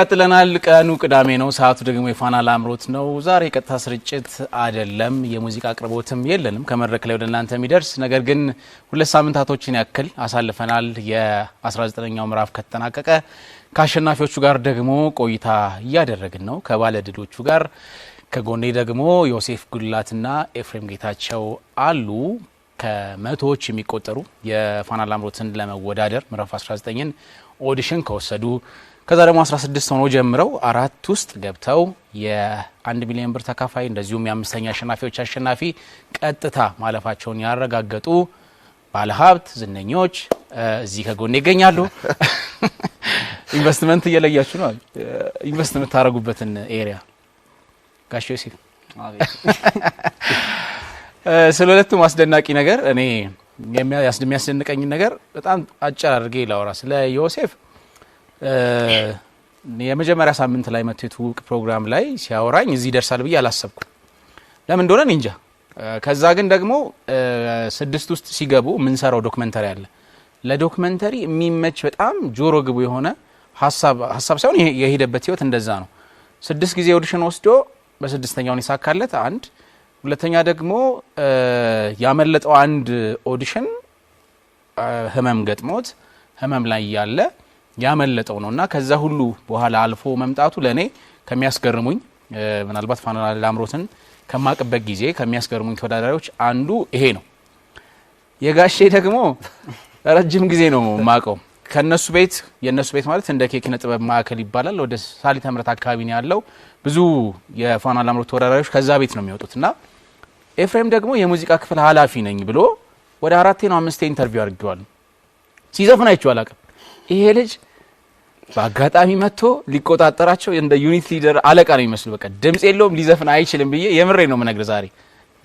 ቀጥለናል። ቀኑ ቅዳሜ ነው። ሰዓቱ ደግሞ የፋና ላምሮት ነው። ዛሬ የቀጥታ ስርጭት አይደለም፣ የሙዚቃ አቅርቦትም የለንም ከመድረክ ላይ ወደ እናንተ የሚደርስ ነገር ግን ሁለት ሳምንታቶችን ያክል አሳልፈናል። የ19ኛው ምዕራፍ ከተጠናቀቀ ከአሸናፊዎቹ ጋር ደግሞ ቆይታ እያደረግን ነው ከባለድሎቹ ጋር። ከጎኔ ደግሞ ዮሴፍ ጉልላትና ኤፍሬም ጌታቸው አሉ። ከመቶዎች የሚቆጠሩ የፋና ላምሮትን ለመወዳደር ምዕራፍ 19ን ኦዲሽን ከወሰዱ ከዛ ደግሞ 16 ሆኖ ጀምረው አራት ውስጥ ገብተው የአንድ ሚሊዮን ብር ተካፋይ እንደዚሁም የአምስተኛ አሸናፊዎች አሸናፊ ቀጥታ ማለፋቸውን ያረጋገጡ ባለሀብት ዝነኞች እዚህ ከጎን ይገኛሉ። ኢንቨስትመንት እየለያችሁ ነው። ኢንቨስት የምታደርጉበትን ኤሪያ ጋሽ ዮሴፍ ስለ ሁለቱም አስደናቂ ነገር እኔ የሚያስደንቀኝን ነገር በጣም አጭር አድርጌ ላውራ ስለ ዮሴፍ የመጀመሪያ ሳምንት ላይ መጥቶ የትውውቅ ፕሮግራም ላይ ሲያወራኝ እዚህ ይደርሳል ብዬ አላሰብኩ። ለምን እንደሆነ እንጃ። ከዛ ግን ደግሞ ስድስት ውስጥ ሲገቡ የምንሰራው ዶክመንተሪ አለ። ለዶክመንተሪ የሚመች በጣም ጆሮ ግቡ የሆነ ሀሳብ ሳይሆን የሄደበት ህይወት እንደዛ ነው። ስድስት ጊዜ ኦዲሽን ወስዶ በስድስተኛውን ይሳካለት አንድ ሁለተኛ ደግሞ ያመለጠው አንድ ኦዲሽን ህመም ገጥሞት ህመም ላይ ያለ ያመለጠው ነው እና ከዛ ሁሉ በኋላ አልፎ መምጣቱ ለእኔ ከሚያስገርሙኝ ምናልባት ፋና ላምሮትን ከማቅበት ጊዜ ከሚያስገርሙኝ ተወዳዳሪዎች አንዱ ይሄ ነው። የጋሼ ደግሞ ረጅም ጊዜ ነው ማቀው ከነሱ ቤት የእነሱ ቤት ማለት እንደ ኪነ ጥበብ ማዕከል ይባላል። ወደ ሳሊ ተምረት አካባቢ ነው ያለው። ብዙ የፋና ላምሮት ተወዳዳሪዎች ከዛ ቤት ነው የሚወጡት እና ኤፍሬም ደግሞ የሙዚቃ ክፍል ኃላፊ ነኝ ብሎ ወደ አራቴ ነው አምስቴ ኢንተርቪው አድርጌዋል። ሲዘፍን አይቼው አላውቅም። ይሄ ልጅ በአጋጣሚ መጥቶ ሊቆጣጠራቸው እንደ ዩኒት ሊደር አለቃ ነው የሚመስሉ። በቃ ድምፅ የለውም ሊዘፍን አይችልም ብዬ የምሬ ነው ምነግር ዛሬ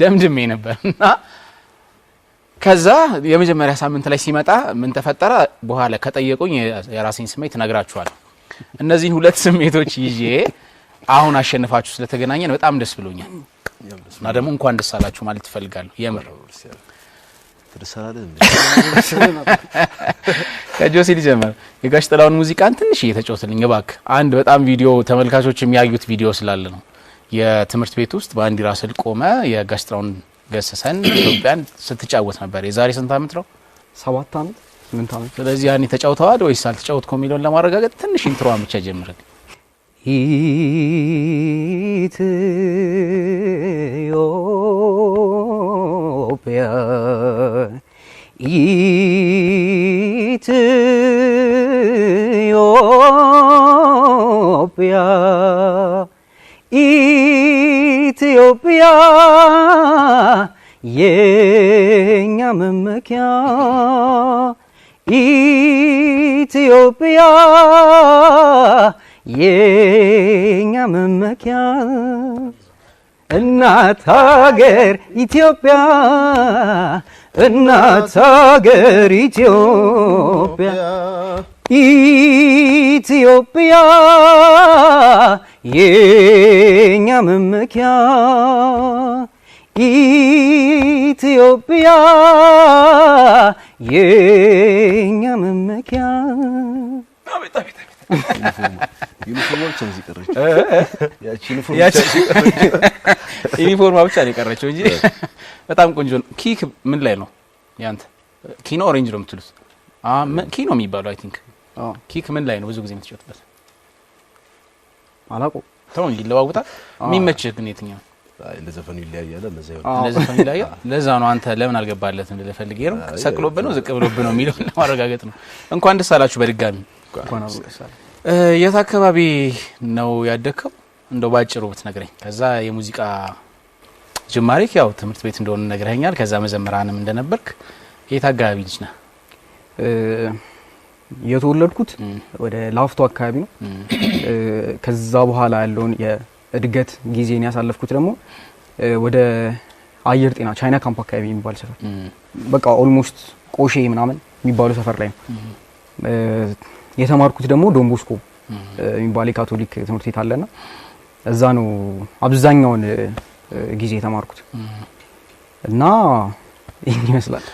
ደምድሜ ነበር። እና ከዛ የመጀመሪያ ሳምንት ላይ ሲመጣ ምን ተፈጠረ በኋላ ከጠየቁኝ የራሴን ስሜት ነግራችኋል። እነዚህ ሁለት ስሜቶች ይዤ አሁን አሸንፋችሁ ስለተገናኘን በጣም ደስ ብሎኛል እና ደግሞ እንኳን ደስ አላችሁ ማለት ይፈልጋሉ የምር ከጆሲ ሊጀመር የጋሽ ጥላውን ሙዚቃን ትንሽ እየተጫወትልኝ አንድ በጣም ቪዲዮ ተመልካቾች የሚያዩት ቪዲዮ ስላለ ነው። የትምህርት ቤት ውስጥ ባንዲራ ስል ቆመ የጋሽ ጥላውን ገሰሰን ኢትዮጵያን ስትጫወት ነበር። የዛሬ ስንት ነው? ሰባት ስምንት ስለዚህ ያኔ ተጫውተዋል ወይስ አልተጫወትኩም የሚለውን ለማረጋገጥ ትንሽ ኢንትሮዋን ብቻ ኢትዮ ኢትዮጵያ ኢትዮጵያ ኢትዮጵያ የኛ መመኪያ ኢትዮጵያ የኛ መመኪያ እናት ሀገር ኢትዮጵያ እናት ሀገር ኢትዮጵያ ኢትዮጵያ የኛ መመኪያ ኢትዮጵያ የኛ መመኪያ ዩኒፎርማ ብቻ ነው የቀረችው እንጂ በጣም ቆንጆ ነው። ኪክ ምን ላይ ነው ያንተ? ኪኖ ኦሬንጅ ነው የምትሉት? ኪኖ የሚባለው አይ ቲንክ ኪክ ምን ላይ ነው ብዙ ጊዜ የምትጫወትበት? አላውቀውም። ተው እንጂ ይለዋውጣል። የሚመችህ ግን የትኛው? ለዘፈኑ ይለያያል። ለዘፈኑ ይለያያል። ለዛ ነው አንተ ለምን አልገባለትም ልፈልጌ ነው። ሰቅሎብህ ነው ዝቅ ብሎብህ ነው የሚለውን ለማረጋገጥ ነው። እንኳን ደስ አላችሁ በድጋሚ የት አካባቢ ነው ያደግከው? እንደው ባጭሩ ብትነግረኝ። ከዛ የሙዚቃ ጅማሬክ ያው ትምህርት ቤት እንደሆነ ነግረኛል። ከዛ መዘምራንም እንደነበርክ የት አካባቢ ልጅ ነ የተወለድኩት ወደ ላፍቶ አካባቢ ነው። ከዛ በኋላ ያለውን የእድገት ጊዜን ያሳለፍኩት ደግሞ ወደ አየር ጤና ቻይና ካምፕ አካባቢ የሚባል ሰፈር በቃ ኦልሞስት ቆሼ ምናምን የሚባሉ ሰፈር ላይ ነው የተማርኩት ደግሞ ዶንቦስኮ የሚባል የካቶሊክ ትምህርት ቤት አለና እዛ ነው አብዛኛውን ጊዜ የተማርኩት እና ይህን ይመስላል።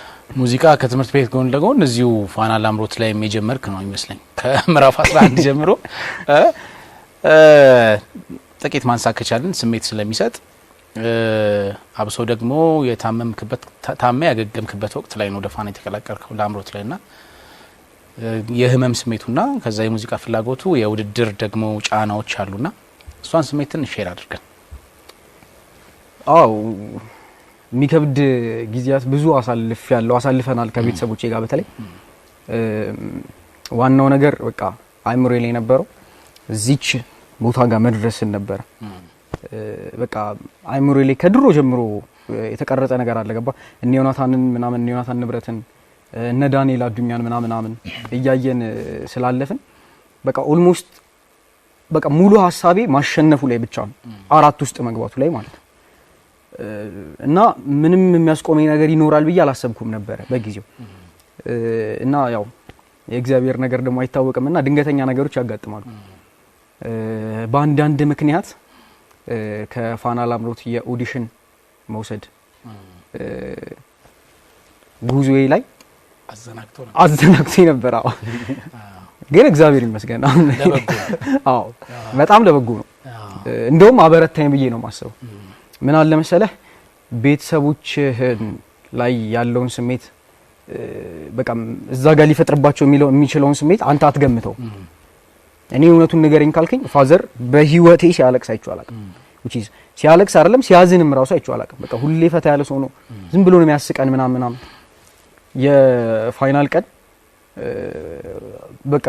ሙዚቃ ከትምህርት ቤት ጎን ለጎን እዚሁ ፋና ላምሮት ላይ የጀመርክ ነው ይመስለኝ። ከምዕራፍ 11 ጀምሮ ጥቂት ማንሳት ከቻልን ስሜት ስለሚሰጥ አብሶ ደግሞ የታመምክበት ታመ ያገገምክበት ወቅት ላይ ነው ወደ ፋና የተቀላቀልከው ላምሮት ላይ ና የህመም ስሜቱና ከዛ የሙዚቃ ፍላጎቱ የውድድር ደግሞ ጫናዎች አሉና እሷን ስሜትን ሼር አድርገን። አዎ የሚከብድ ጊዜያት ብዙ አሳልፍ ያለው አሳልፈናል ከቤተሰቦቼ ጋር በተለይ ዋናው ነገር በቃ አይምሮ ላይ የነበረው እዚች ቦታ ጋር መድረስን ነበረ። በቃ አይምሮ ላይ ከድሮ ጀምሮ የተቀረጸ ነገር አለገባ እኔ ዮናታንን ምናምን እኔ ዮናታን ንብረትን እነ ዳንኤል አዱኛን ምናምናምን እያየን ስላለፍን በቃ ኦልሞስት በቃ ሙሉ ሀሳቤ ማሸነፉ ላይ ብቻ ነው፣ አራት ውስጥ መግባቱ ላይ ማለት ነው። እና ምንም የሚያስቆመኝ ነገር ይኖራል ብዬ አላሰብኩም ነበረ በጊዜው። እና ያው የእግዚአብሔር ነገር ደግሞ አይታወቅም እና ድንገተኛ ነገሮች ያጋጥማሉ። በአንዳንድ ምክንያት ከፋና ላምሮት የኦዲሽን መውሰድ ጉዞዬ ላይ አዘናግቶ ነበር። አዎ ግን እግዚአብሔር ይመስገን። አዎ በጣም ለበጎ ነው። እንደውም አበረታኝ ብዬ ነው የማስበው። ምን አለ መሰለህ ቤተሰቦችህ ላይ ያለውን ስሜት በቃ እዛ ጋር ሊፈጥርባቸው የሚችለውን ስሜት አንተ አትገምተው። እኔ እውነቱን ንገረኝ ካልከኝ ፋዘር በህይወቴ ሲያለቅስ አይቼው አላውቅም። ሲያለቅስ አይደለም ሲያዝንም ራሱ አይቼው አላውቅም። በቃ ሁሌ ፈታ ያለ ሰው ነው። ዝም ብሎ ነው የሚያስቀን ምናምን ምናምን የፋይናል ቀን በቃ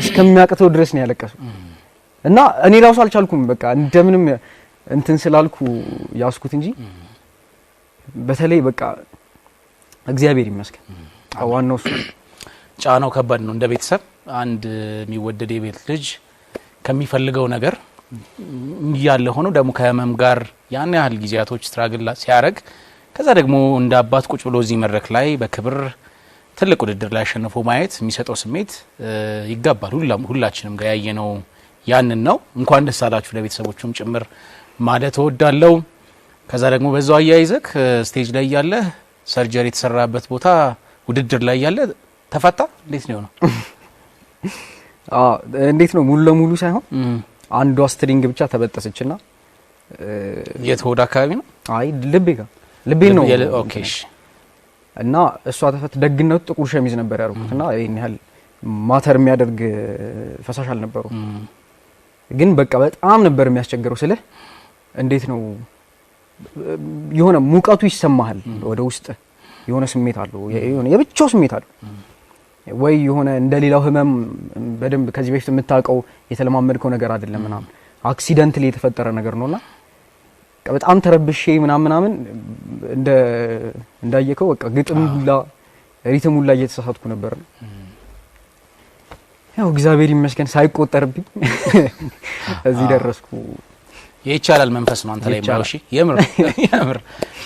እስከሚያቅተው ድረስ ነው ያለቀሱ እና እኔ ራሱ አልቻልኩም። በቃ እንደምንም እንትን ስላልኩ ያስኩት እንጂ በተለይ በቃ እግዚአብሔር ይመስገን። ዋናው እሱ ጫናው ከባድ ነው። እንደ ቤተሰብ አንድ የሚወደድ የቤት ልጅ ከሚፈልገው ነገር እያለ ሆኖ ደግሞ ከህመም ጋር ያን ያህል ጊዜያቶች ስትራግል ሲያደርግ ከዛ ደግሞ እንደ አባት ቁጭ ብሎ እዚህ መድረክ ላይ በክብር ትልቅ ውድድር ላይ አሸንፎ ማየት የሚሰጠው ስሜት ይጋባል። ሁላችንም ጋር ያየነው ያንን ነው። እንኳን ደስ አላችሁ ለቤተሰቦቹም ጭምር ማለት እወዳለሁ። ከዛ ደግሞ በዛው አያይዘክ ስቴጅ ላይ ያለ ሰርጀሪ የተሰራበት ቦታ ውድድር ላይ ያለ ተፈታ። እንዴት ነው የሆነው? እንዴት ነው ሙሉ ለሙሉ ሳይሆን አንዷ ስትሪንግ ብቻ ተበጠሰችና የት ሆድ አካባቢ ነው? አይ ልቤ ጋር ልቤን ነው እና እሷ ተፈት ደግነቱ ጥቁር ሸሚዝ ነበር ያደረኩት እና ይህን ያህል ማተር የሚያደርግ ፈሳሽ አልነበሩ፣ ግን በቃ በጣም ነበር የሚያስቸግረው። ስለ እንዴት ነው የሆነ ሙቀቱ ይሰማሃል፣ ወደ ውስጥ የሆነ ስሜት አለው፣ የብቻው ስሜት አለው ወይ የሆነ እንደ ሌላው ህመም በደንብ ከዚህ በፊት የምታውቀው የተለማመድከው ነገር አይደለም ምናምን አክሲደንትሊ የተፈጠረ ነገር ነውና በጣም ተረብሼ ምናምን ምናምን እንደ እንዳየከው በቃ ግጥም ሁላ ሪትም ሁላ እየተሳሳትኩ ነበር። ያው እግዚአብሔር ይመስገን ሳይቆጠርብኝ እዚህ ደረስኩ። የይቻላል መንፈስ ነው አንተ ላይ ማለት እሺ፣ የምር የምር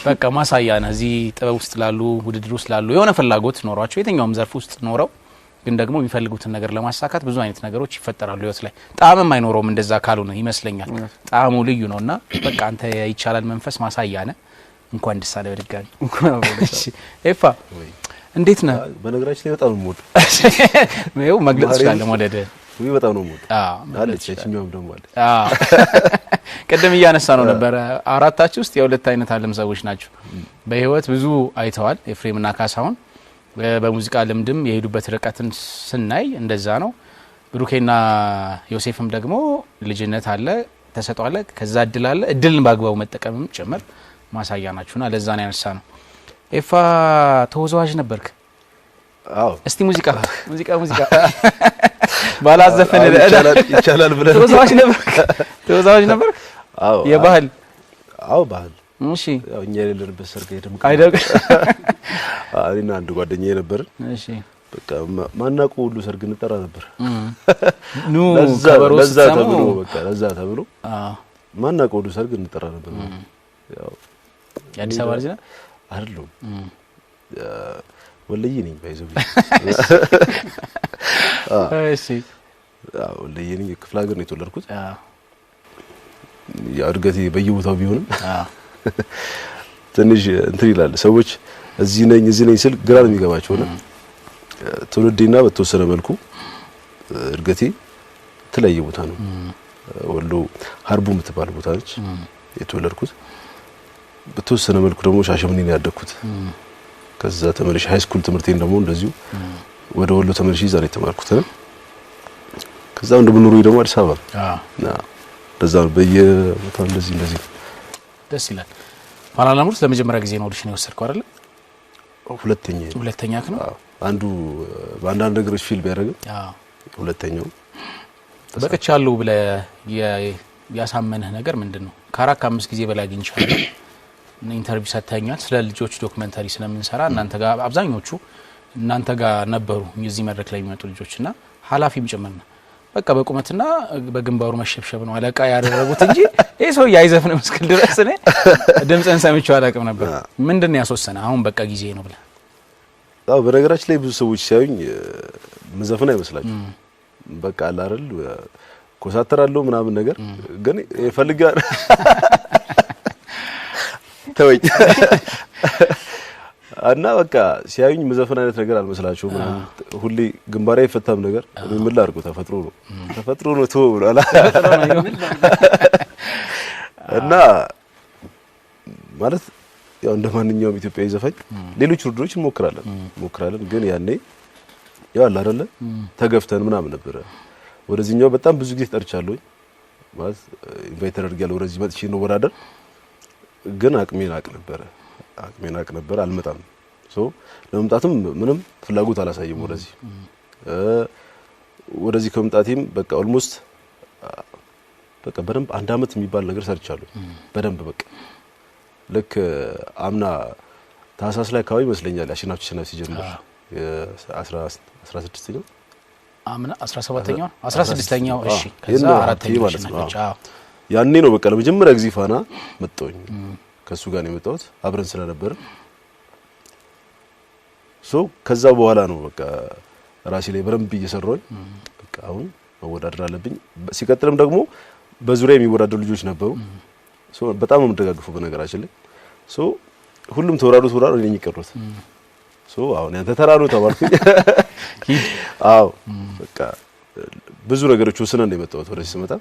በቃ ማሳያ ነህ። እዚህ ጥበብ ውስጥ ላሉ ውድድር ውስጥ ላሉ የሆነ ፍላጎት ኖሯቸው የትኛውም ዘርፍ ውስጥ ኖረው ግን ደግሞ የሚፈልጉትን ነገር ለማሳካት ብዙ አይነት ነገሮች ይፈጠራሉ ህይወት ላይ። ጣዕምም አይኖረውም እንደዛ ካሉ ነው ይመስለኛል። ጣዕሙ ልዩ ነው እና በቃ አንተ ይቻላል መንፈስ ማሳያ ነ እንኳን ደስ በድጋሚ ኤፋ እንዴት ነህ? በነገራችን ላይ በጣም ነው የምወድ መግለጽ ይችላለ መውደድ ወይ በጣም ነው የምወድ። አዎ አለች እችኛውም ቅድም እያነሳ ነው ነበረ። አራታችሁ ውስጥ የሁለት አይነት አለም ሰዎች ናቸው። በህይወት ብዙ አይተዋል ኤፍሬምና ካሳሁን በሙዚቃ ልምድም የሄዱበት ርቀትን ስናይ እንደዛ ነው። ብሩኬና ዮሴፍም ደግሞ ልጅነት አለ ተሰጥኦ ከዛ እድል አለ። እድልን በአግባቡ መጠቀምም ጭምር ማሳያ ናችሁና ለዛ ነው ያነሳ ነው። ኤፋ ተወዛዋዥ ነበርክ። እስቲ ሙዚቃ ሙዚቃ ሙዚቃ ባላዘፈን ይቻላል ብለህ ተወዛዋዥ ነበርክ። የባህል አዎ ባህል እሺ ያው እኛ የሌለንበት ሰርግ አይደምቅ አይደምቅ። እኔና አንድ ጓደኛ ነበርን። እሺ በቃ ማናቁ ሁሉ ሰርግ እንጠራ ነበር። ኑ ከበሮ ስትሰሙ በቃ ለዛ ተብሎ አዎ ማናቁ ሁሉ ሰርግ እንጠራ ነበር። ያው የአዲስ አበባ ልጅ ነህ አይደለሁም? ወለዬ ነኝ ባይዘው። እሺ ወለዬ ነኝ። ክፍለ ሀገር ነው የተወለድኩት። ያው እድገቴ በየቦታው ቢሆንም አዎ ትንሽ እንትን ይላል። ሰዎች እዚህ ነኝ እዚህ ነኝ ስል ግራ ነው የሚገባቸው። እና ትውልዴና በተወሰነ መልኩ እድገቴ የተለያየ ቦታ ነው። ወሎ ሀርቡ የምትባል ቦታ ነች የተወለድኩት። በተወሰነ መልኩ ደግሞ ሻሸምኔ ነው ያደግኩት። ከዛ ተመልሼ ሃይ ስኩል ትምህርቴን ደግሞ እንደዚሁ ወደ ወሎ ተመልሼ እዛ ነው የተማርኩት። ከዛ ደግሞ ደግሞ አዲስ አበባ ነው። አዎ እንደዛ እንደዚህ እንደዚህ ደስ ይላል። ፋናላምሮት ለመጀመሪያ ጊዜ ነው ኦዲሽን የወሰድከው አይደለ? ሁለተኛ ሁለተኛ ነው። አንዱ በአንዳንድ ነገሮች ፊል ቢያደርግም ሁለተኛው በቅቻለሁ ብለህ ያሳመንህ ነገር ምንድን ነው? ከአራት ከአምስት ጊዜ በላይ አግኝቻለሁ። ኢንተርቪው ሰጥተኛል። ስለ ልጆች ዶክመንተሪ ስለምንሰራ እናንተ ጋር አብዛኞቹ እናንተ ጋር ነበሩ እዚህ መድረክ ላይ የሚመጡ ልጆች እና ኃላፊም ጭምር ነው በቃ በቁመትና በግንባሩ መሸብሸብ ነው አለቃ ያደረጉት እንጂ ይህ ሰው አይዘፍንም ምስክል ድረስ እኔ ድምፅን ሰምቼው አላቅም ነበር። ምንድን ነው ያስወሰነ? አሁን በቃ ጊዜ ነው ብለ? አዎ በነገራችን ላይ ብዙ ሰዎች ሲያዩኝ ምዘፍን አይመስላችሁ በቃ አላረል አይደል ኮሳተራለሁ ምናምን ነገር ግን ይፈልጋል ተወኝ እና በቃ ሲያዩኝ መዘፈን አይነት ነገር አልመስላችሁም። ሁሌ ግንባሬ አይፈታም ነገር ምን ላድርገው፣ ተፈጥሮ ነው ተፈጥሮ ነው ተወው ብሏል። እና ማለት ያው እንደ ማንኛውም ኢትዮጵያዊ ዘፋኝ ሌሎች ውድድሮች እንሞክራለን እንሞክራለን፣ ግን ያኔ ያው አለ አይደለ ተገፍተን ምናምን ነበረ። ወደዚህኛው በጣም ብዙ ጊዜ ተጠርቻለሁኝ ማለት ኢንቫይት ተደርጌያለሁ፣ ወደዚህ መጥቼ ነው ወዳደር ግን አቅሜን አቅ ነበረ አቅሜን አቅ ነበር አልመጣም። ለመምጣትም ምንም ፍላጎት አላሳይም። ወደዚህ ወደዚህ ከመምጣቴም በቃ ኦልሞስት በቃ በደንብ አንድ አመት የሚባል ነገር ሰርቻለሁ። በደንብ በቃ ልክ አምና ታህሳስ ላይ አካባቢ ይመስለኛል አሸናፊ አሸናፊ ሲጀምር አስራ ስድስተኛው አምና እሺ፣ ከዛ አራተኛው ነው። ያኔ ነው በቃ ለመጀመሪያ ጊዜ ፋና መጣሁኝ። ከእሱ ጋር ነው የመጣሁት። አብረን ስለነበር ሶ ከዛ በኋላ ነው በቃ ራሴ ላይ በደንብ እየሰራሁኝ በቃ አሁን መወዳደር አለብኝ። ሲቀጥልም ደግሞ በዙሪያ የሚወዳደሩ ልጆች ነበሩ። ሶ በጣም ነው የምደጋግፈው በነገራችን ላይ ሶ ሁሉም ተወራዶ ተወራዶ እኔ ነኝ የቀረሁት። ሶ አሁን ያንተ ተራ ነው ተባልኩኝ። አዎ በቃ ብዙ ነገሮች ወስነን ነው የመጣሁት። ወደዚህ ስመጣ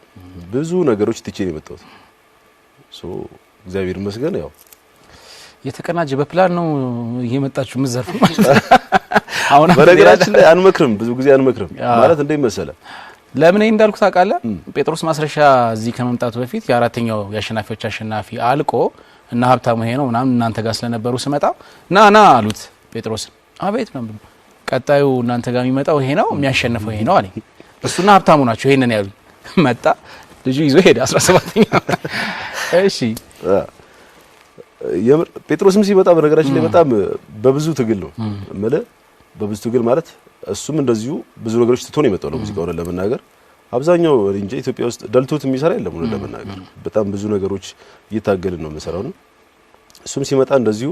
ብዙ ነገሮች ትቼ ነው የመጣሁት ሶ እግዚአብሔር ይመስገን። ያው የተቀናጀ በፕላን ነው እየመጣችሁ ምዘርፍ ማለት አሁን በነገራችን ላይ አንመክርም፣ ብዙ ጊዜ አንመክርም ማለት እንደ መሰለ ለምን እንዳልኩ ታውቃለህ? ጴጥሮስ ማስረሻ እዚህ ከመምጣቱ በፊት የአራተኛው የአሸናፊዎች አሸናፊ አልቆ እና ሀብታሙ ይሄ ነው ምናምን እናንተ ጋር ስለነበሩ ስመጣ ና ና አሉት ጴጥሮስ። አቤት ነው ቀጣዩ እናንተ ጋር የሚመጣው ይሄ ነው የሚያሸንፈው ይሄ ነው አለኝ። እሱና ሀብታሙ ናቸው ይሄንን ያሉኝ። መጣ ልጁ ይዞ ሄደ 17ኛ እሺ ጴጥሮስም ሲመጣ በነገራችን ላይ በጣም በብዙ ትግል ነው እምልህ በብዙ ትግል ማለት እሱም እንደዚሁ ብዙ ነገሮች ትቶ ነው የመጣው ለሙዚቃ ለመናገር አብዛኛው እንጂ ኢትዮጵያ ውስጥ ደልቶት የሚሰራ የለም ሆነ ለመናገር በጣም ብዙ ነገሮች እየታገልን ነው የምንሰራው ነው። እሱም ሲመጣ እንደዚሁ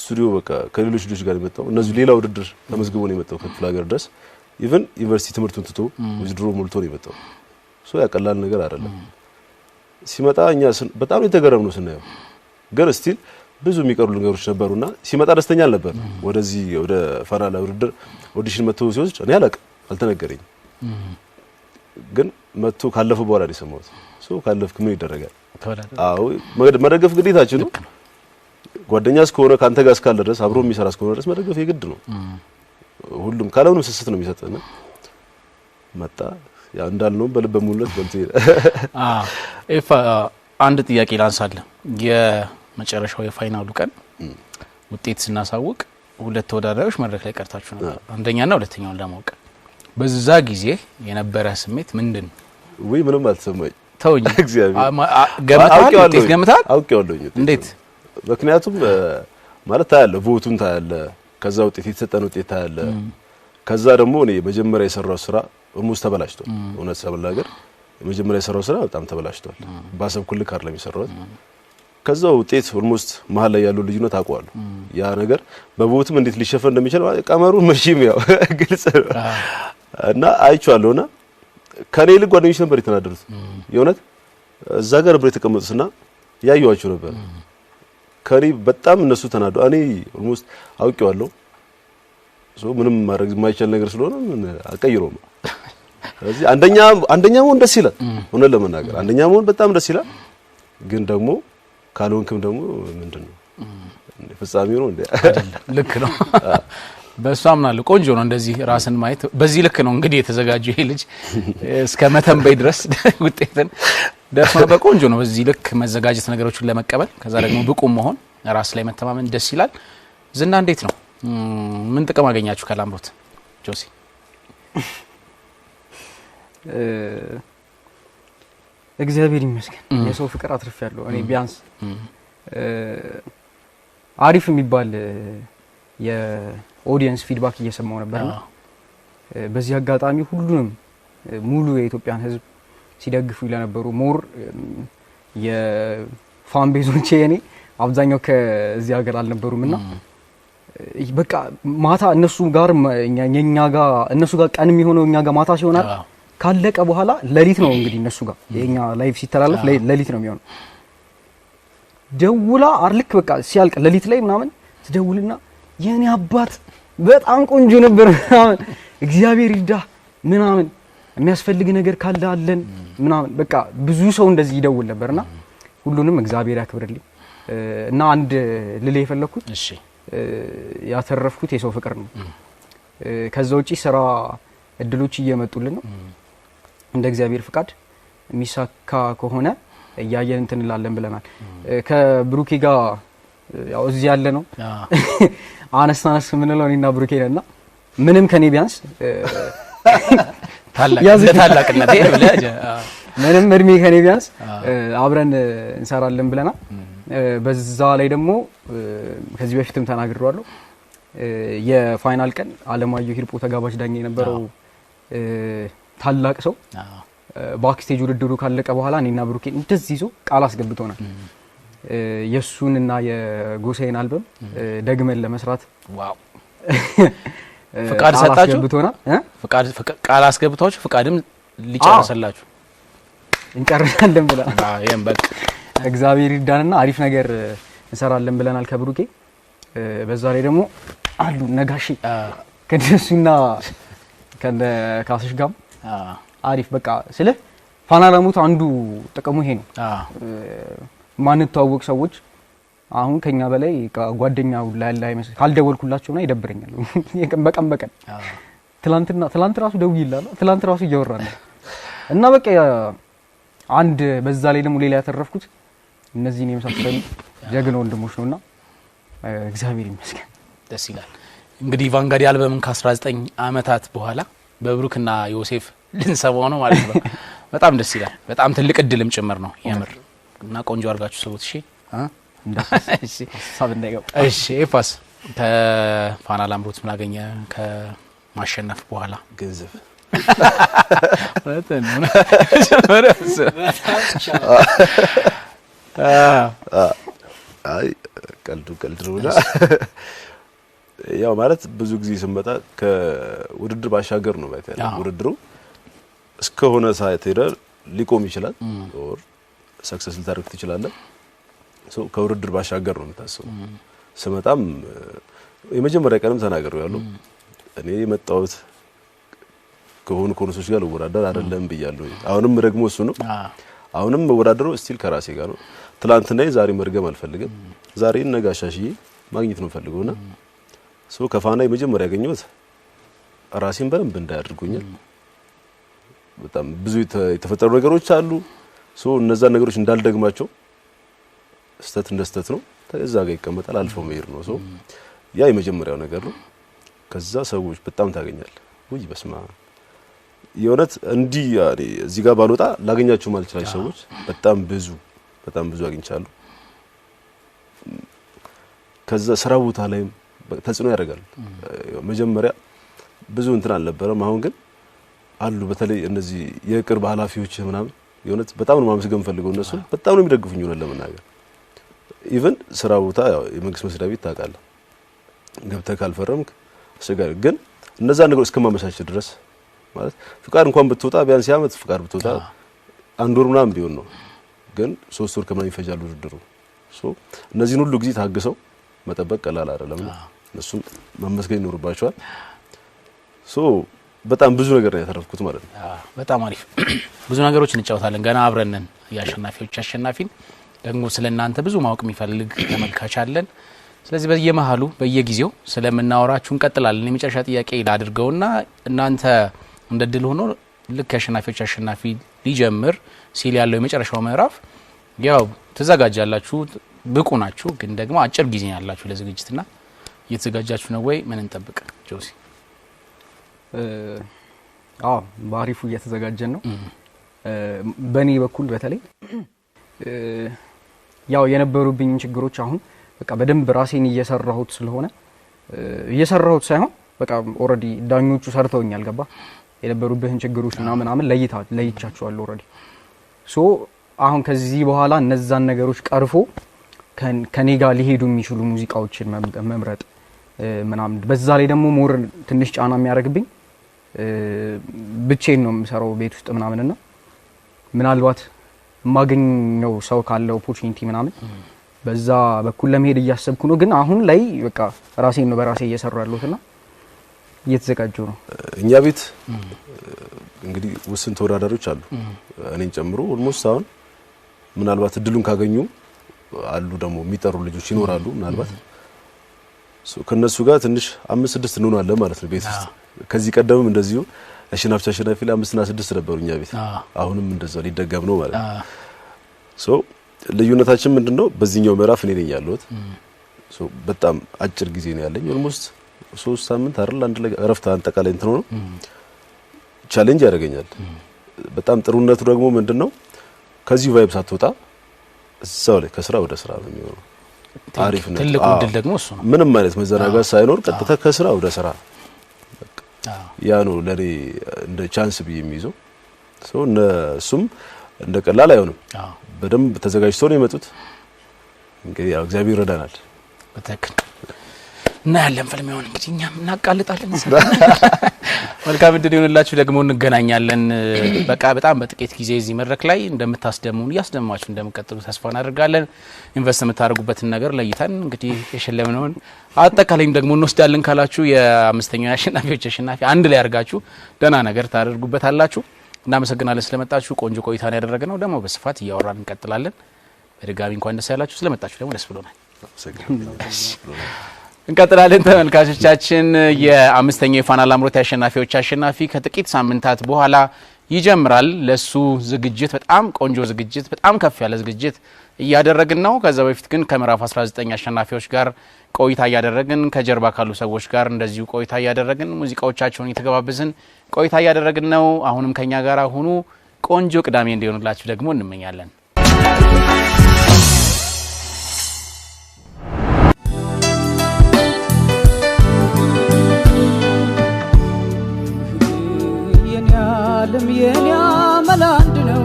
ስቱዲዮ በቃ ከሌሎች ልጆች ጋር የመጣው እነዚሁ ሌላ ውድድር ተመዝግቦ ነው የመጣው ከክፍለ ሀገር ድረስ ኢቭን ዩኒቨርሲቲ ትምህርቱን ትቶ ውዝድሮ ሞልቶ ነው የመጣው። ሶ ያቀላል ነገር አይደለም። ሲመጣ እኛ በጣም የተገረም ነው ስናየው፣ ግን ስቲል ብዙ የሚቀሩ ነገሮች ነበሩና ሲመጣ ደስተኛ አልነበር። ወደዚህ ወደ ፈናላ ውድድር ኦዲሽን መጥቶ ሲወስድ እኔ አላውቅም፣ አልተነገረኝ። ግን መጥቶ ካለፉ በኋላ ነው የሰማሁት። ሶ ካለፍክ ምን ይደረጋል? አዎ መደገፍ ግዴታችን ነው። ጓደኛ እስከሆነ ከአንተ ጋር እስካለ ድረስ አብሮ የሚሰራ እስከሆነ ድረስ መደገፍ የግድ ነው። ሁሉም ካለምንም ስስት ነው የሚሰጥህ። መጣ ያ እንዳልነው በልበ ሙሉነት በልቶ አንድ ጥያቄ ላንሳለ። የመጨረሻው የፋይናሉ ቀን ውጤት ስናሳውቅ ሁለት ተወዳዳሪዎች መድረክ ላይ ቀርታችሁ ነበር፣ አንደኛና ሁለተኛውን ለማወቅ በዛ ጊዜ የነበረ ስሜት ምንድን ነው? ውይ ምንም አልተሰማኝ። ተውኝ። ገምታል ገምታል። አውቄዋለሁ። እንዴት? ምክንያቱም ማለት ታያለ፣ ቮቱን ታያለ፣ ከዛ ውጤት የተሰጠን ውጤት ታያለ። ከዛ ደግሞ እኔ መጀመሪያ የሰራው ስራ ሙስ ተበላሽቶ እውነት ሰብላገር የመጀመሪያ የሰራው ስራ በጣም ተበላሽቷል። ባሰብኩ ልክ አይደለም የሰራሁት። ከዛ ውጤት ኦልሞስት መሀል ላይ ያለው ልዩነት አውቀዋለሁ። ያ ነገር በቦትም እንዴት ሊሸፈን እንደሚችል ቀመሩ መቼም ያው ግልጽ ነው እና አይቼዋለሁ። እና ከኔ ይልቅ ጓደኞች ነበር የተናደዱት። የእውነት እዛ ጋር ነበር የተቀመጡት እና ነበር። ከኔ በጣም እነሱ ተናዱ። እኔ ኦልሞስት አውቄዋለሁ። ምንም ማድረግ የማይቻል ነገር ስለሆነ ምን አልቀይረውም። ስለዚህ አንደኛ አንደኛ መሆን ደስ ይላል፣ እውነት ለመናገር አንደኛ መሆን በጣም ደስ ይላል። ግን ደግሞ ካልሆንክም ደግሞ ምንድን ነው ፍጻሜ ነው እንዴ? ልክ ነው። በእሱ አምናለሁ። ቆንጆ ነው እንደዚህ ራስን ማየት። በዚህ ልክ ነው እንግዲህ የተዘጋጀው ይሄ ልጅ እስከ መተንበይ ድረስ ውጤትን ደርሶ ነበር። ነው በዚህ ልክ መዘጋጀት፣ ነገሮችን ለመቀበል ከዛ ደግሞ ብቁ መሆን፣ ራስ ላይ መተማመን ደስ ይላል። ዝና እንዴት ነው? ምን ጥቅም አገኛችሁ ከላምሮት ጆሲ? እግዚአብሔር ይመስገን የሰው ፍቅር አትርፍ ያለው እኔ ቢያንስ አሪፍ የሚባል የኦዲየንስ ፊድባክ እየሰማው ነበርና በዚህ አጋጣሚ ሁሉንም ሙሉ የኢትዮጵያን ህዝብ ሲደግፉ ለነበሩ ሞር የፋን ቤዞቼ እኔ አብዛኛው ከዚህ ሀገር አልነበሩም እና በቃ ማታ እነሱ ጋር እኛ ጋር እነሱ ጋር ቀን የሚሆነው እኛ ጋር ማታ ሲሆናል ካለቀ በኋላ ለሊት ነው እንግዲህ እነሱ ጋር የኛ ላይፍ ሲተላለፍ ሌሊት ነው የሚሆነው። ደውላ አርልክ በቃ ሲያልቅ ለሊት ላይ ምናምን ትደውልና የኔ አባት በጣም ቆንጆ ነበር ምናምን እግዚአብሔር ይርዳ ምናምን የሚያስፈልግ ነገር ካለ አለን ምናምን በቃ ብዙ ሰው እንደዚህ ይደውል ነበርና ሁሉንም እግዚአብሔር ያክብርልኝ እና አንድ ልል የፈለኩት ያተረፍኩት የሰው ፍቅር ነው። ከዛ ውጪ ስራ እድሎች እየመጡልን ነው። እንደ እግዚአብሔር ፍቃድ የሚሳካ ከሆነ እያየን እንትን እንላለን ብለናል። ከብሩኬ ጋር ያው እዚህ ያለ ነው አነስ አነስ የምንለው እኔና ብሩኬ ነን እና ምንም ከኔ ቢያንስ ታላቅነት ምንም እድሜ ከኔ ቢያንስ አብረን እንሰራለን ብለናል። በዛ ላይ ደግሞ ከዚህ በፊትም ተናግሬዋለሁ። የፋይናል ቀን አለማየሁ ሂርጶ ተጋባዥ ዳኛ የነበረው ታላቅ ሰው ባክስቴጅ ውድድሩ ካለቀ በኋላ እኔና ብሩኬ እንደዚህ ይዞ ቃል አስገብቶናል። የእሱንና የጎሳዬን አልበም ደግመን ለመስራት ፍቃድ ሰጣችሁ? ቃል አስገብታችሁ ፍቃድም ሊጨርሰላችሁ እንጨርሳለን ብለን እግዚአብሔር ይዳንና አሪፍ ነገር እንሰራለን ብለናል ከብሩኬ። በዛ ላይ ደግሞ አሉ ነጋሼ ከደሱና ከነ አሪፍ በቃ ስለ ፋና ላምሮት አንዱ ጥቅሙ ይሄ ነው። ማንተዋወቅ ሰዎች አሁን ከኛ በላይ ጓደኛ ሁላ ያለ አይመስል ካልደወልኩላቸውና ይደብረኛል። በቀን በቀን ትላንትና ትላንት ራሱ ደው ይላል ትላንት ራሱ እያወራን እና በቃ አንድ በዛ ላይ ደግሞ ሌላ ያተረፍኩት እነዚህን የመሳሰሉ ጀግና ወንድሞች ነውና እግዚአብሔር ይመስገን ደስ ይላል። እንግዲህ ቫንጋዲ አልበምን ከ19 አመታት በኋላ በብሩክና ዮሴፍ ልንሰማው ነው ማለት ነው። በጣም ደስ ይላል። በጣም ትልቅ እድልም ጭምር ነው የምር እና ቆንጆ አድርጋችሁ ስሩት። እሺ እሺ። ኤፋስ ከፋና ላምሮት ምን አገኘ ከማሸነፍ በኋላ ገንዘብ ቀልዱ ቀልድ ነው። ያው ማለት ብዙ ጊዜ ስንመጣ ከውድድር ባሻገር ነው ማለት ያለው። ውድድሩ እስከሆነ ሰዓት ሄደህ ሊቆም ይችላል። ኦር ሰክሰስ ልታደርግ ትችላለህ። ሶ ከውድድር ባሻገር ነው የምታስበው። ስመጣም የመጀመሪያ ቀንም ተናገረው ያለው እኔ የመጣሁት ከሆኑ ኮርሶች ጋር ልወዳደር አይደለም ብያለሁ። አሁንም ደግሞ እሱ ነው አሁንም መወዳደረው ስቲል ከራሴ ጋር ነው። ትላንትና ዛሬ መርገም አልፈልግም። ዛሬን ነጋሻሽዬ ማግኘት ነው ፈልገውና ሶ ከፋና የመጀመሪያ ያገኘሁት ራሴን በደንብ እንዳያድርጎኛል። በጣም ብዙ የተፈጠሩ ነገሮች አሉ። ሶ እነዛ ነገሮች እንዳልደግማቸው ስተት እንደ ስተት ነው። እዛ ጋር ይቀመጣል፣ አልፎ መሄድ ነው። ሶ ያ የመጀመሪያው ነገር ነው። ከዛ ሰዎች በጣም ታገኛል። ውይ በስማ የእውነት እንዲህ እዚህ ጋር ባልወጣ ላገኛቸው ማልችላቸው ሰዎች በጣም ብዙ በጣም ብዙ አግኝቻለሁ። ከዛ ስራ ቦታ ላይም ተጽዕኖ ያደርጋል። መጀመሪያ ብዙ እንትን አልነበረም። አሁን ግን አሉ። በተለይ እነዚህ የቅርብ ኃላፊዎች ምናምን የእውነት በጣም ነው ማመስገን ፈልገው እነሱ በጣም ነው የሚደግፉኝ። ሆነ ለመናገር ኢቭን ስራ ቦታ የመንግስት መስሪያ ቤት ታውቃለህ፣ ገብተህ ካልፈረምክ አስቸጋሪ ግን እነዛ ነገሮች እስከማመቻቸት ድረስ ማለት ፍቃድ እንኳን ብትወጣ ቢያንስ የዓመት ፍቃድ ብትወጣ አንድ ወር ምናምን ቢሆን ነው፣ ግን ሶስት ወር ከምናምን ይፈጃል ውድድሩ። እነዚህን ሁሉ ጊዜ ታግሰው መጠበቅ ቀላል አይደለም። እነሱን መመስገን ይኖርባቸዋል። ሶ በጣም ብዙ ነገር ነው ያተረፍኩት ማለት ነው። በጣም አሪፍ ብዙ ነገሮችን እንጫወታለን። ገና አብረነን ነን። የአሸናፊዎች አሸናፊን ደግሞ ስለ እናንተ ብዙ ማወቅ የሚፈልግ ተመልካች አለን። ስለዚህ በየመሀሉ በየጊዜው ስለምናወራችሁ እንቀጥላለን። የመጨረሻ ጥያቄ ላድርገውና እናንተ እንደ ድል ሆኖ ልክ የአሸናፊዎች አሸናፊ ሊጀምር ሲል ያለው የመጨረሻው ምዕራፍ ያው ትዘጋጃላችሁ፣ ብቁ ናችሁ፣ ግን ደግሞ አጭር ጊዜ ያላችሁ ለዝግጅትና እየተዘጋጃችሁ ነው ወይ? ምን እንጠብቅ ጆሲ? አዎ በአሪፉ እየተዘጋጀን ነው። በእኔ በኩል በተለይ ያው የነበሩብኝን ችግሮች አሁን በቃ በደንብ ራሴን እየሰራሁት ስለሆነ እየሰራሁት ሳይሆን በቃ ኦልሬዲ ዳኞቹ ሰርተውኛል። ገባ የነበሩብህን ችግሮች ምናምን ምናምን ለይቻቸዋል ኦልሬዲ። ሶ አሁን ከዚህ በኋላ እነዛን ነገሮች ቀርፎ ከኔ ጋር ሊሄዱ የሚችሉ ሙዚቃዎችን መምረጥ ምናምን በዛ ላይ ደግሞ ሞር ትንሽ ጫና የሚያደርግብኝ ብቼን ነው የምሰራው ቤት ውስጥ ምናምን ና ምናልባት የማገኘው ሰው ካለው ኦፖርቹኒቲ ምናምን በዛ በኩል ለመሄድ እያሰብኩ ነው። ግን አሁን ላይ በቃ ራሴን ነው በራሴ እየሰሩ ያለሁት ና እየተዘጋጁ ነው። እኛ ቤት እንግዲህ ውስን ተወዳዳሪዎች አሉ እኔን ጨምሮ ኦልሞስት አሁን ምናልባት እድሉን ካገኙ አሉ ደግሞ የሚጠሩ ልጆች ይኖራሉ ምናልባት ከነሱ ጋር ትንሽ አምስት ስድስት እንሆናለን ማለት ነው ቤት ውስጥ። ከዚህ ቀደምም እንደዚሁ አሸናፊዎች አሸናፊ ላይ አምስትና ስድስት ነበሩ እኛ ቤት። አሁንም እንደዛ ሊደገም ነው ማለት ሶ ልዩነታችን ምንድነው? በዚህኛው ምዕራፍ እኔ ነኝ ያለሁት። ሶ በጣም አጭር ጊዜ ነው ያለኝ። ኦልሞስት ሶስት ሳምንት አይደል አንድ ላይ እረፍት አንጠቃላይ እንትን ነው ቻሌንጅ ያደርገኛል። በጣም ጥሩነቱ ደግሞ ምንድነው? ከዚሁ ቫይብ ሳትወጣ እዛው ላይ ከስራ ወደ ስራ ነው የሚሆነው አሪፍ ነው። ትልቁ እድል ደግሞ እሱ ነው። ምንም አይነት መዘናጋት ሳይኖር ቀጥታ ከስራ ወደ ስራ ያ ነው ለኔ እንደ ቻንስ ብዬ የሚይዘው ሰው እነሱም እንደ ቀላል አይሆንም። በደንብ ተዘጋጅቶ ነው የመጡት። እንግዲህ እግዚአብሔር ይረዳናል። በትክክል እና ያለን ፍልም ይሆን እንግዲህ እኛም እናቃልጣለን። መልካም እድል ይሆንላችሁ። ደግሞ እንገናኛለን። በቃ በጣም በጥቂት ጊዜ እዚህ መድረክ ላይ እንደምታስደምሙን እያስደማችሁ እንደምቀጥሉ ተስፋ እናደርጋለን። ኢንቨስት የምታደርጉበትን ነገር ለይተን እንግዲህ የሸለምነውን አጠቃላይም ደግሞ እንወስዳለን ካላችሁ የአምስተኛው አሸናፊዎች አሸናፊ አንድ ላይ አድርጋችሁ ደህና ነገር ታደርጉበታላችሁ። እናመሰግናለን ስለመጣችሁ። ቆንጆ ቆይታን ያደረገ ነው። ደግሞ በስፋት እያወራን እንቀጥላለን። በድጋሚ እንኳን ደስ ያላችሁ። ስለመጣችሁ ደግሞ ደስ ብሎናል። እንቀጥላለን ተመልካቾቻችን። የአምስተኛው የፋና ላምሮት የአሸናፊዎች አሸናፊ ከጥቂት ሳምንታት በኋላ ይጀምራል። ለሱ ዝግጅት በጣም ቆንጆ ዝግጅት፣ በጣም ከፍ ያለ ዝግጅት እያደረግን ነው። ከዛ በፊት ግን ከምዕራፍ 19 አሸናፊዎች ጋር ቆይታ እያደረግን ከጀርባ ካሉ ሰዎች ጋር እንደዚሁ ቆይታ እያደረግን ሙዚቃዎቻቸውን እየተገባበዝን ቆይታ እያደረግን ነው። አሁንም ከኛ ጋር ሁኑ። ቆንጆ ቅዳሜ እንዲሆኑላችሁ ደግሞ እንመኛለን። አይቻልም የኔ አመል አንድ ነው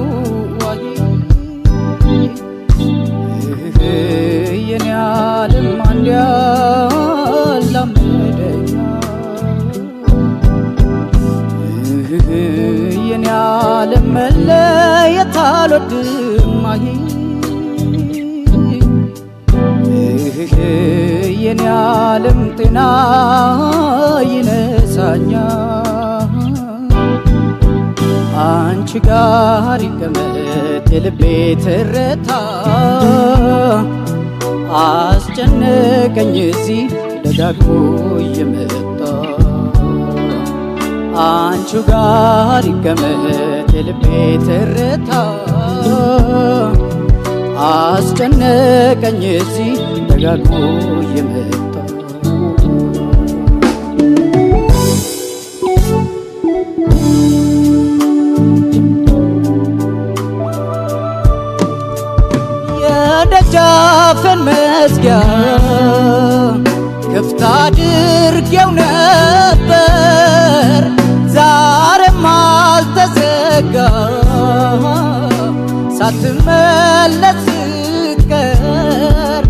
የኔ ዓለም አንድ ያላመደኛ የኔ ዓለም መለየት አልወድም አይ የኔ ዓለም ጤና ካንቺ ጋር ይቀመጥ የልቤ ትርታ አስጨነቀኝ እዚህ ደጋግሞ እየመጣ አንቺ ጋር ይቀመጥ የልቤ ትርታ አስጨነቀኝ እዚህ ደጋግሞ እየመጣ መዝጊያ ክፍት አድርጌው ነበር ዛሬም አልተዘጋ ሳትመለስ ስትቀር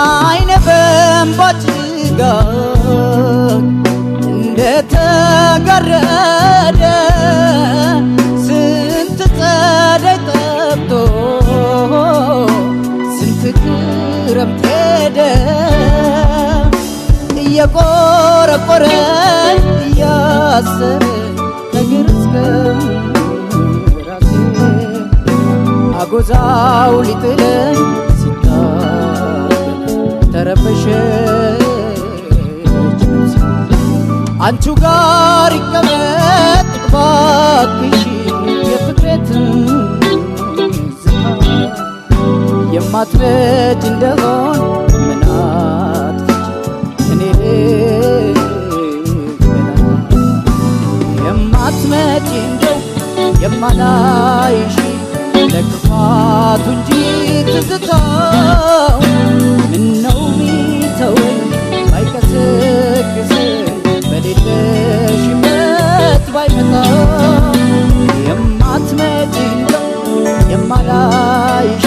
አይነ በእንባ ጭጋግ እንደተጋረደ አሰረ ከግር እስከ ራሴ አጎዛው ሊጥለኝ ሲታ ተረበሸች ነፍሴ ጋር ይቀመጥ እባክሽ የፍቅሬት ዝታ የማትረጅ እንደሆን ምናት እኔ የማላይሽ ለክፋቱ እንጂ ትዝታው ምነው ሚተወኝ ባይቀሰቅስ በሌለሽ መት ባይመጣ የማትመጪ ነው የማላይሽ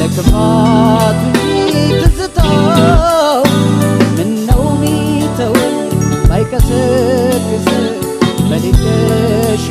ለክፋቱ እንጂ ትዝታው ምነው ሚተወኝ ባይቀሰቅስ በሌለሽ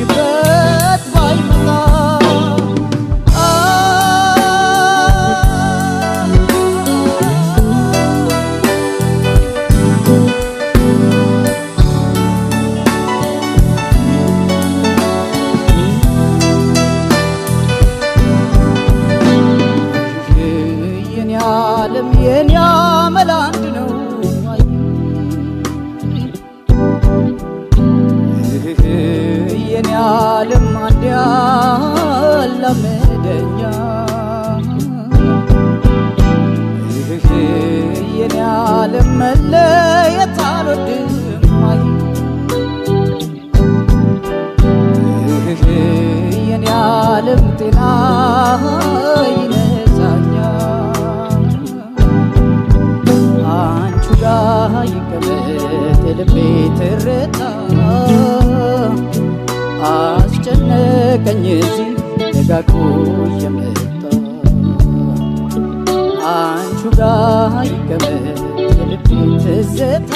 እንዳይ ገመድ የልቤ ትዝታኝ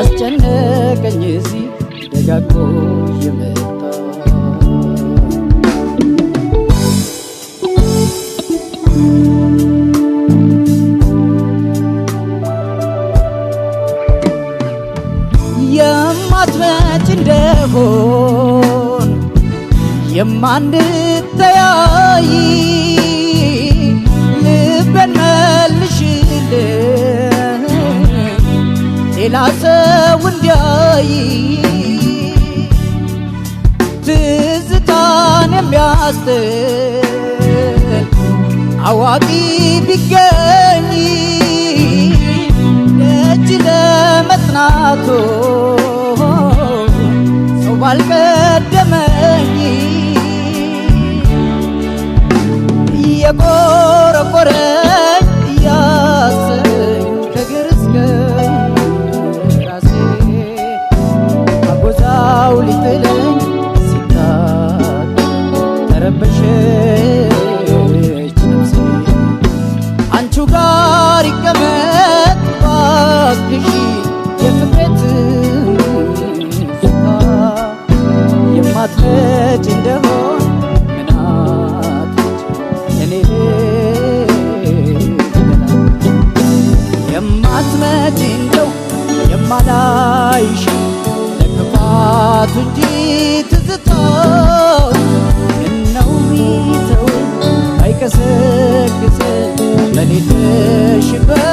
አስጨነቀኝ እዚህ ደጋግሞ የመጣ የማትመጭ እንደሆን የማንተያይ ሰው እንዲያይ ትዝታን የሚያስትል አዋቂ ቢገኝ ደጅ ለመጽናቶ ሰው ባልቀደመኝ የቆረቆረ እንጂ ትዝታው ምነው ቢተወኝ አይቀሰቅሰኝ ሌሊትሽበ